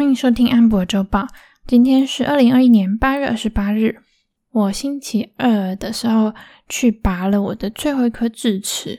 歡迎收聽《安博周報》。今天是二零二一年八月二十八日。我星期二的時候去拔了我的最後一顆智齒，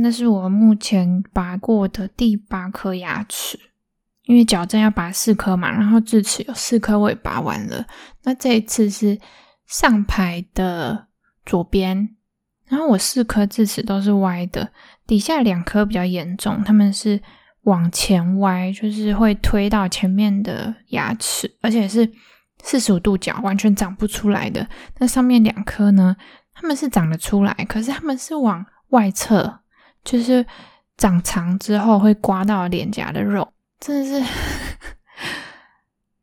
那是我目前拔過的第八顆牙齒。因為矯正要拔四顆嘛，然後智齒有四顆我也拔完了。那這一次是上排的左邊，然後我四顆智齒都是歪的，底下兩顆比較嚴重，他們是。往前歪，就是會推到前面的牙齒，而且是四十五度角，完全長不出來的。那上面兩顆呢？它們是長得出來，可是它們是往外側，就是長長之後會刮到臉頰的肉，真的是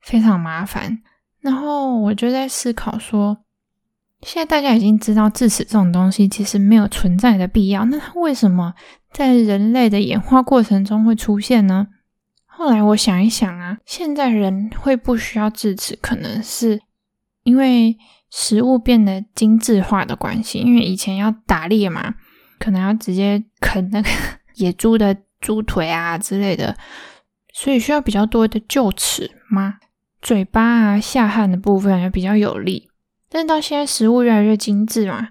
非常麻煩。然後我就在思考說，現在大家已經知道智齒這種東西其實沒有存在的必要，那它為什麼？在人類的演化過程中會出現呢？後來我想一想啊，現在人會不需要智齒，可能是因為食物變得精致化的關係。因為以前要打獵嘛，可能要直接啃那個野豬的豬腿啊之類的，所以需要比較多的臼齒嘛。嘴巴啊下頜的部分也比較有力，但是到現在食物越來越精致嘛。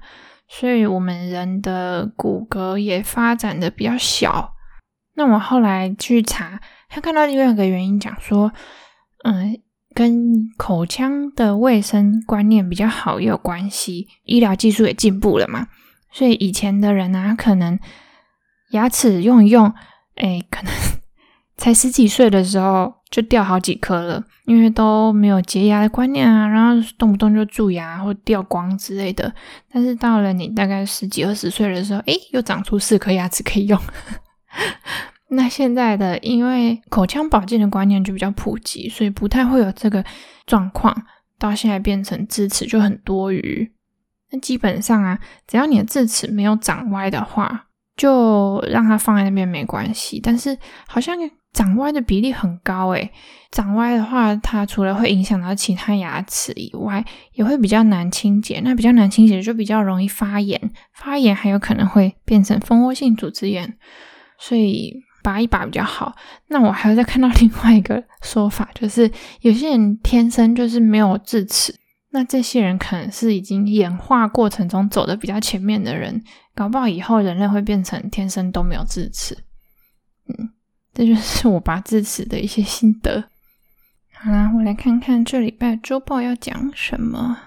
所以我們人的骨骼也發展的比較小。那我後來去查，他看到另外一個原因，講說，嗯，跟口腔的衛生觀念比較好也有關係，醫療技術也進步了嘛。所以以前的人啊，可能牙齒用一用，哎，可能才十幾歲的時候，就掉好幾顆了，因為都沒有潔牙的觀念啊，然後動不動就蛀牙或掉光之類的。但是到了你大概十幾二十歲的時候，誒、欸、又長出四顆牙齒可以用。 那現在的因為口腔保健的觀念就比較普及，所以不太會有這個狀況。到現在變成智齒就很多餘。那基本上啊，只要你的智齒沒有長歪的話，就讓它放在那邊沒關係。但是好像。長歪的比例很高誒，長歪的話，它除了會影響到其他牙齒以外，也會比較難清潔。那比較難清潔，就比較容易發炎，發炎還有可能會變成蜂窩性組織炎，所以拔一拔比較好。那我還要再看到另外一個說法，就是有些人天生就是沒有智齒，那這些人可能是已經演化過程中走得比較前面的人，搞不好以後人類會變成天生都沒有智齒。嗯。這就是我拔智齒的一些心得。好啦，我來看看這禮拜周報要講什麼。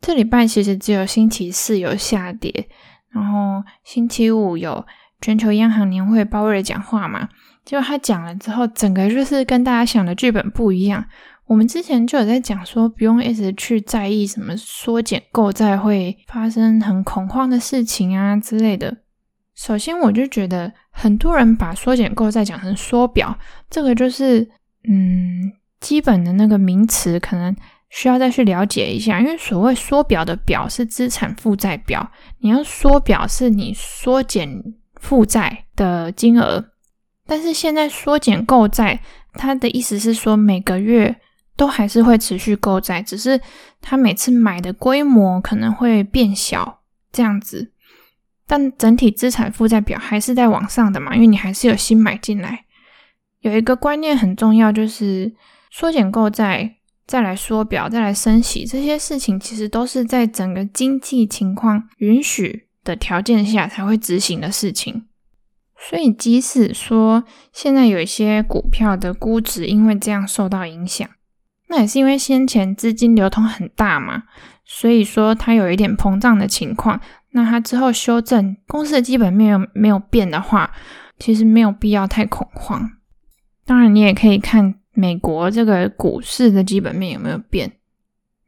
這禮拜其實只有星期四有下跌，然後星期五有全球央行年會，鮑爾講話嘛。結果他講了之後，整個就是跟大家想的劇本不一樣。我們之前就有在講說，不用一直去在意什麼縮減購債會發生很恐慌的事情啊之類的。首先，我就覺得很多人把縮減購債講成縮表，這個就是嗯，基本的那個名詞可能需要再去了解一下。因為所謂縮表的表是資產負債表，你要縮表是你縮減負債的金額。但是現在縮減購債，它的意思是說每個月都還是會持續購債，只是它每次買的規模可能會變小，這樣子。但整體資產負債表還是在往上的嘛，因為你還是有新買進來。有一個觀念很重要，就是縮減購債，再來縮表，再來升息，這些事情其實都是在整個經濟情況允許的條件下才會執行的事情。所以，即使說現在有一些股票的估值因為這樣受到影響，那也是因為先前資金流通很大嘛，所以說它有一點膨脹的情況。那它之後修正，公司的基本面沒有變的話，其實沒有必要太恐慌。當然，你也可以看美國這個股市的基本面有沒有變，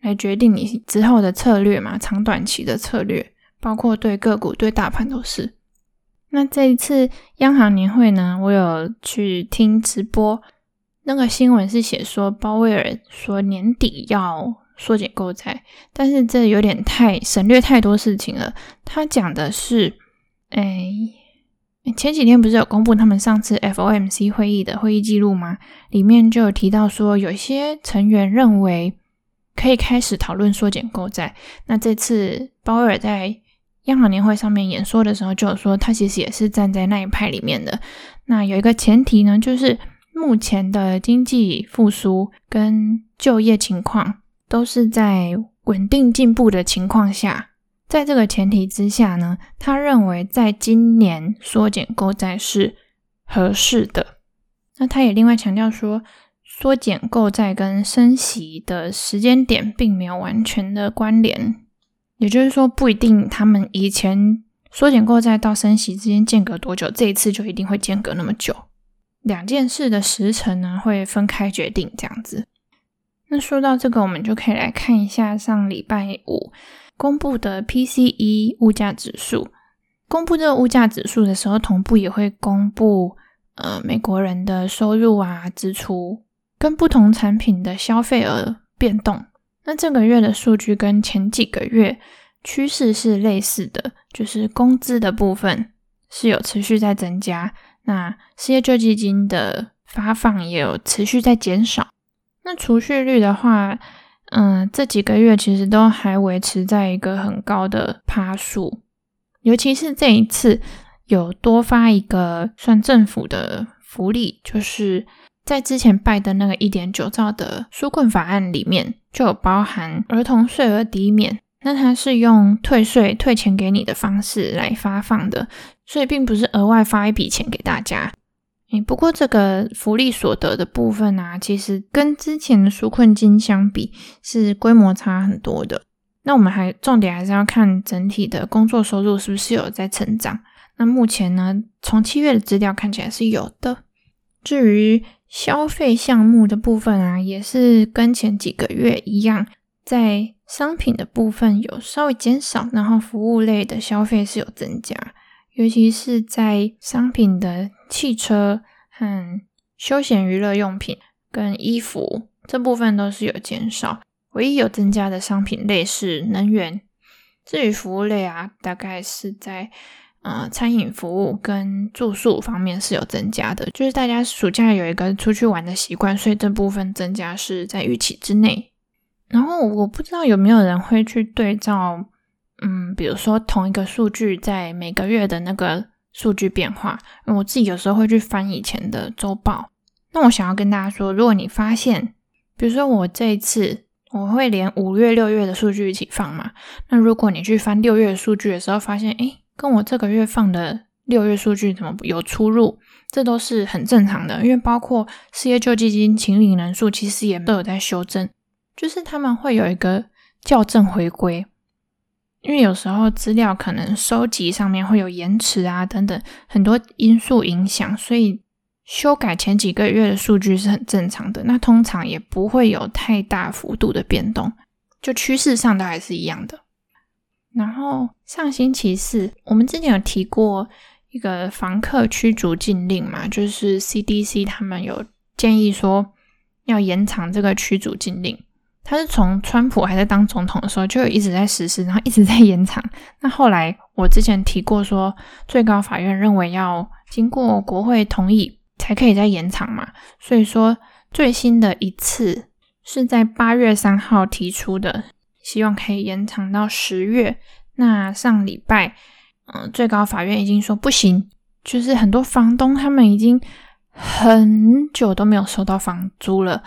來決定你之後的策略嘛，長短期的策略，包括對個股、對大盤都是。那這一次央行年會呢，我有去聽直播，那個新聞是寫說鮑威爾說年底要。縮減購債，但是這有點太省略太多事情了。他講的是，哎，前幾天不是有公布他們上次 FOMC 會議的會議記錄嗎？裡面就有提到說，有些成員認為可以開始討論縮減購債。那這次鮑威爾在央行年會上面演說的時候，就有說他其實也是站在那一派裡面的。那有一個前提呢，就是目前的經濟復甦跟就業情況。都是在穩定進步的情況下，在這個前提之下呢，他認為在今年縮減購債是合適的。那他也另外強調說，縮減購債跟升息的時間點並沒有完全的關聯，也就是說，不一定他們以前縮減購債到升息之間間隔多久，這一次就一定會間隔那麼久。兩件事的時程呢，會分開決定這樣子。那說到這個，我們就可以來看一下上禮拜五公布的 PCE 物價指數。公布這個物價指數的時候，同步也會公布呃美國人的收入啊、支出跟不同產品的消費額變動。那這個月的數據跟前幾個月趨勢是類似的，就是工資的部分是有持續在增加，那失業救濟金的發放也有持續在減少。那儲蓄率的話，嗯、呃，這幾個月其實都還維持在一個很高的趴數，尤其是這一次有多發一個算政府的福利，就是在之前拜登那個一點九兆的紓困法案裡面就有包含兒童稅額抵免，那它是用退稅退錢給你的方式來發放的，所以並不是額外發一筆錢給大家。不過這個福利所得的部分啊，其實跟之前的紓困金相比是規模差很多的。那我們還重點還是要看整體的工作收入是不是有在成長。那目前呢，從七月的資料看起來是有的。至於消費項目的部分啊，也是跟前幾個月一樣，在商品的部分有稍微減少，然後服務類的消費是有增加，尤其是在商品的。汽車和休閒娛樂用品跟衣服這部分都是有減少，唯一有增加的商品類是能源。至於服務類啊，大概是在呃餐飲服務跟住宿方面是有增加的，就是大家暑假有一個出去玩的習慣，所以這部分增加是在預期之內。然後我不知道有沒有人會去對照，嗯，比如說同一個數據在每個月的那個。數據變化，我自己有時候會去翻以前的週報。那我想要跟大家說，如果你發現，比如說我這一次我會連五月、六月的數據一起放嘛，那如果你去翻六月的數據的時候發現，誒，跟我這個月放的六月數據怎麼有出入？這都是很正常的，因為包括失業救濟金請領人數其實也都有在修正，就是他們會有一個校正回歸。因為有時候資料可能收集上面會有延遲啊，等等很多因素影響，所以修改前幾個月的數據是很正常的。那通常也不會有太大幅度的變動，就趨勢上都還是一樣的。然後上星期四，我們之前有提過一個房客驅逐禁令嘛，就是 CDC 他們有建議說要延長這個驅逐禁令。他是從川普還在當總統的時候就一直在實施，然後一直在延長。那後來我之前提過說，最高法院認為要經過國會同意才可以再延長嘛，所以說最新的一次是在八月三號提出的，希望可以延長到十月。那上禮拜，嗯、呃，最高法院已經說不行，就是很多房東他們已經很久都沒有收到房租了。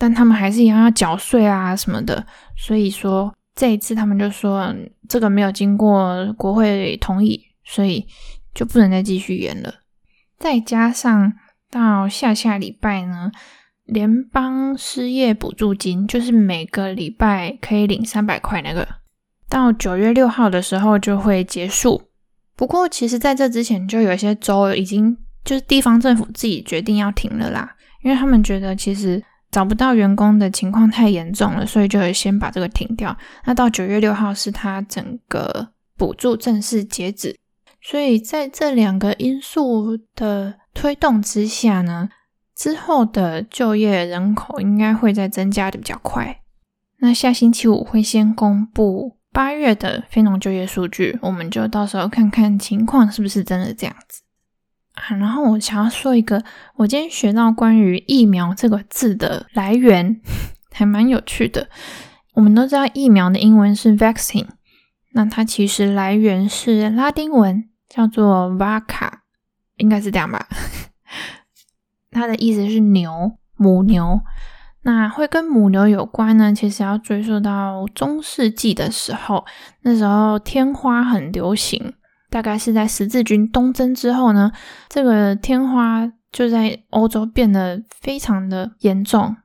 但他們還是一樣要繳稅啊什麼的，所以說這一次他們就說這個沒有經過國會同意，所以就不能再繼續延了。再加上到下下禮拜呢，聯邦失業補助金，就是每個禮拜可以領三百塊那個，到九月六號的時候就會結束。不過其實在這之前就有些州已經就是地方政府自己決定要停了啦，因為他們覺得其實。找不到員工的情況太嚴重了，所以就先把這個停掉。那到九月六號是他整個補助正式截止，所以在這兩個因素的推動之下呢，之後的就業人口應該會再增加的比較快。那下星期五會先公布八月的非農就業數據，我們就到時候看看情況是不是真的這樣子。然後我想要說一個，我今天學到關於“疫苗”這個字的來源，還蠻有趣的。我們都知道疫苗的英文是 vaccine，那它其實來源是拉丁文，叫做 vacca，應該是這樣吧？它的意思是牛，母牛。那會跟母牛有關呢？其實要追溯到中世紀的時候，那時候天花很流行。大概是在十字軍東征之後呢，這個天花就在歐洲變得非常的嚴重，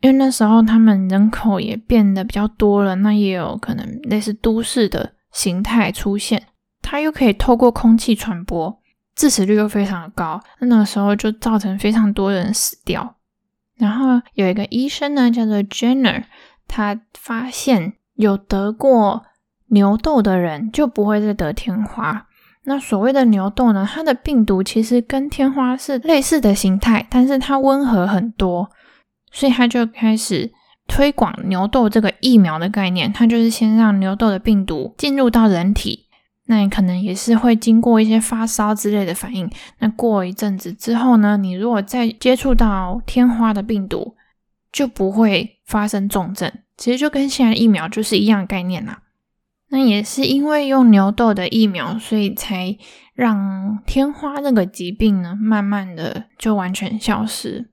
因為那時候他們人口也變得比較多了，那也有可能類似都市的形態出現，它又可以透過空氣傳播，致死率又非常高，那那個時候就造成非常多人死掉。然後有一個醫生呢，叫做 Jenner，他發現有得過牛痘的人就不會再得天花。那所謂的牛痘呢，它的病毒其實跟天花是類似的形態，但是它溫和很多，所以他就開始推廣牛痘這個疫苗的概念。它就是先讓牛痘的病毒進入到人體，那你可能也是會經過一些發燒之類的反應。那過一陣子之後呢，你如果再接觸到天花的病毒，就不會發生重症。其實就跟現在的疫苗就是一樣的概念啦。那也是因為用牛痘的疫苗，所以才讓天花那個疾病呢，慢慢的就完全消失。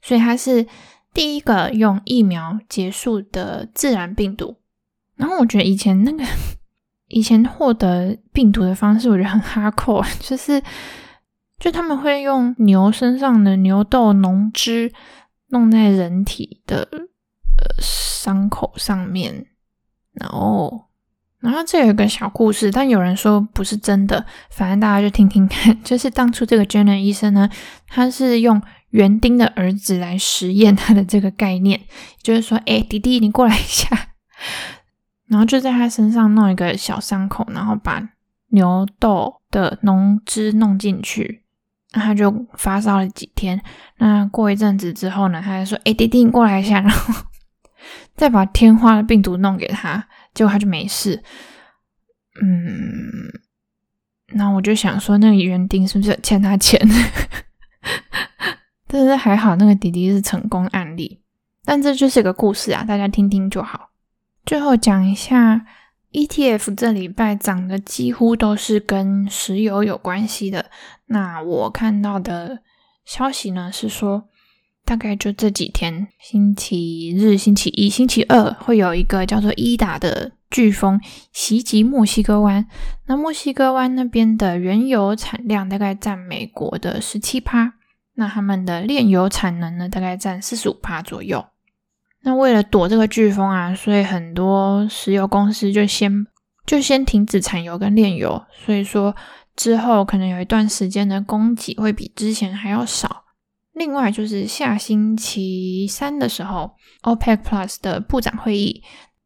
所以它是第一個用疫苗結束的自然病毒。然後我覺得以前那個以前獲得病毒的方式，我覺得很哈扣啊，就是就他們會用牛身上的牛痘膿汁弄在人體的呃傷口上面，然後。然後這有一個小故事，但有人說不是真的，反正大家就聽聽看。就是當初這個 Jenner 醫生呢，他是用園丁的兒子來實驗他的這個概念，就是說，誒、欸、弟弟，你過來一下，然後就在他身上弄一個小傷口，然後把牛痘的膿汁弄進去，那他就發燒了幾天。那過一陣子之後呢，他就說，哎、欸，弟弟，你過來一下，然後再把天花的病毒弄給他。結果他就沒事，嗯，那我就想說那個園丁是不是欠他錢？ 但是還好，那個滴滴是成功案例，但這就是一個故事啊，大家聽聽就好。最後講一下 ETF 這禮拜漲的幾乎都是跟石油有關係的，那我看到的消息呢是說，大概就這幾天，星期日、星期一、星期二會有一個叫做伊達的颶風襲擊墨西哥灣。那墨西哥灣那邊的原油產量大概佔美國的十七趴。那他們的煉油產能呢，大概佔四十五趴左右。那為了躲這個颶風啊，所以很多石油公司就先就先停止產油跟煉油，所以說之後可能有一段時間的供給會比之前還要少。另外就是下星期三的時候，OPEC Plus 的部長會議，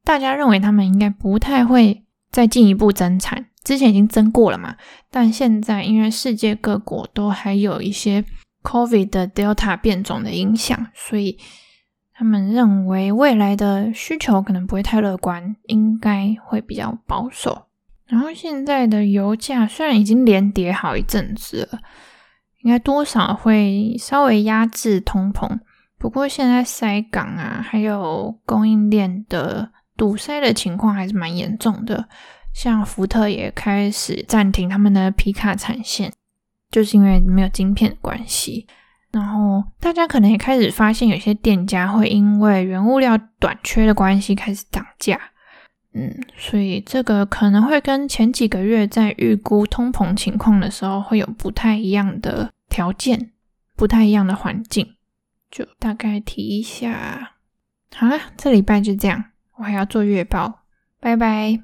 大家認為他們應該不太會再進一步增產，之前已經增過了嘛。但現在因為世界各國都還有一些 COVID 的 Delta 變種的影響，所以他們認為未來的需求可能不會太樂觀，應該會比較保守。然後現在的油價雖然已經連跌好一陣子了。應該多少會稍微壓制通膨，不過現在塞港啊，還有供應鏈的堵塞的情況還是蠻嚴重的。像福特也開始暫停他們的皮卡產線，就是因為沒有晶片關係。然後大家可能也開始發現，有些店家會因為原物料短缺的關係開始漲價。嗯，所以這個可能會跟前幾個月在預估通膨情況的時候，會有不太一樣的條件，不太一樣的環境，就大概提一下。好啦，這禮拜就這樣，我還要做月報，拜拜。